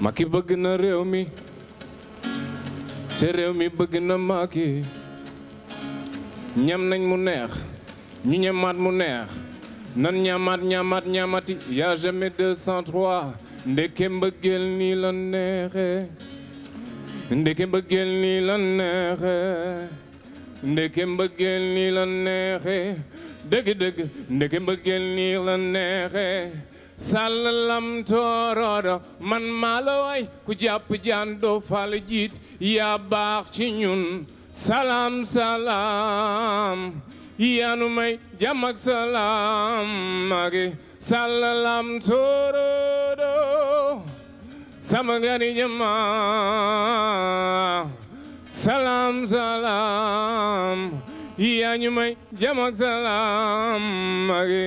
Macky bëgg na réew mi te réew mi bëgg na Macky ñam nañ mu neex ñu ñamaat mu neex nan ñamaat ñamaat ñamati y'a jamais 203 ndeke nii la neexe ndeke mbëggeel nii la neexe dëgg dëgg ndeke mbëggeel nii la neexe salalam toorodo man maa la way ku jàpp jaan fal jiit yaa baax ci ñun salaam salaam yaanu may jàmm ak salaam magi may jàmm ak magi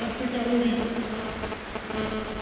Thank you.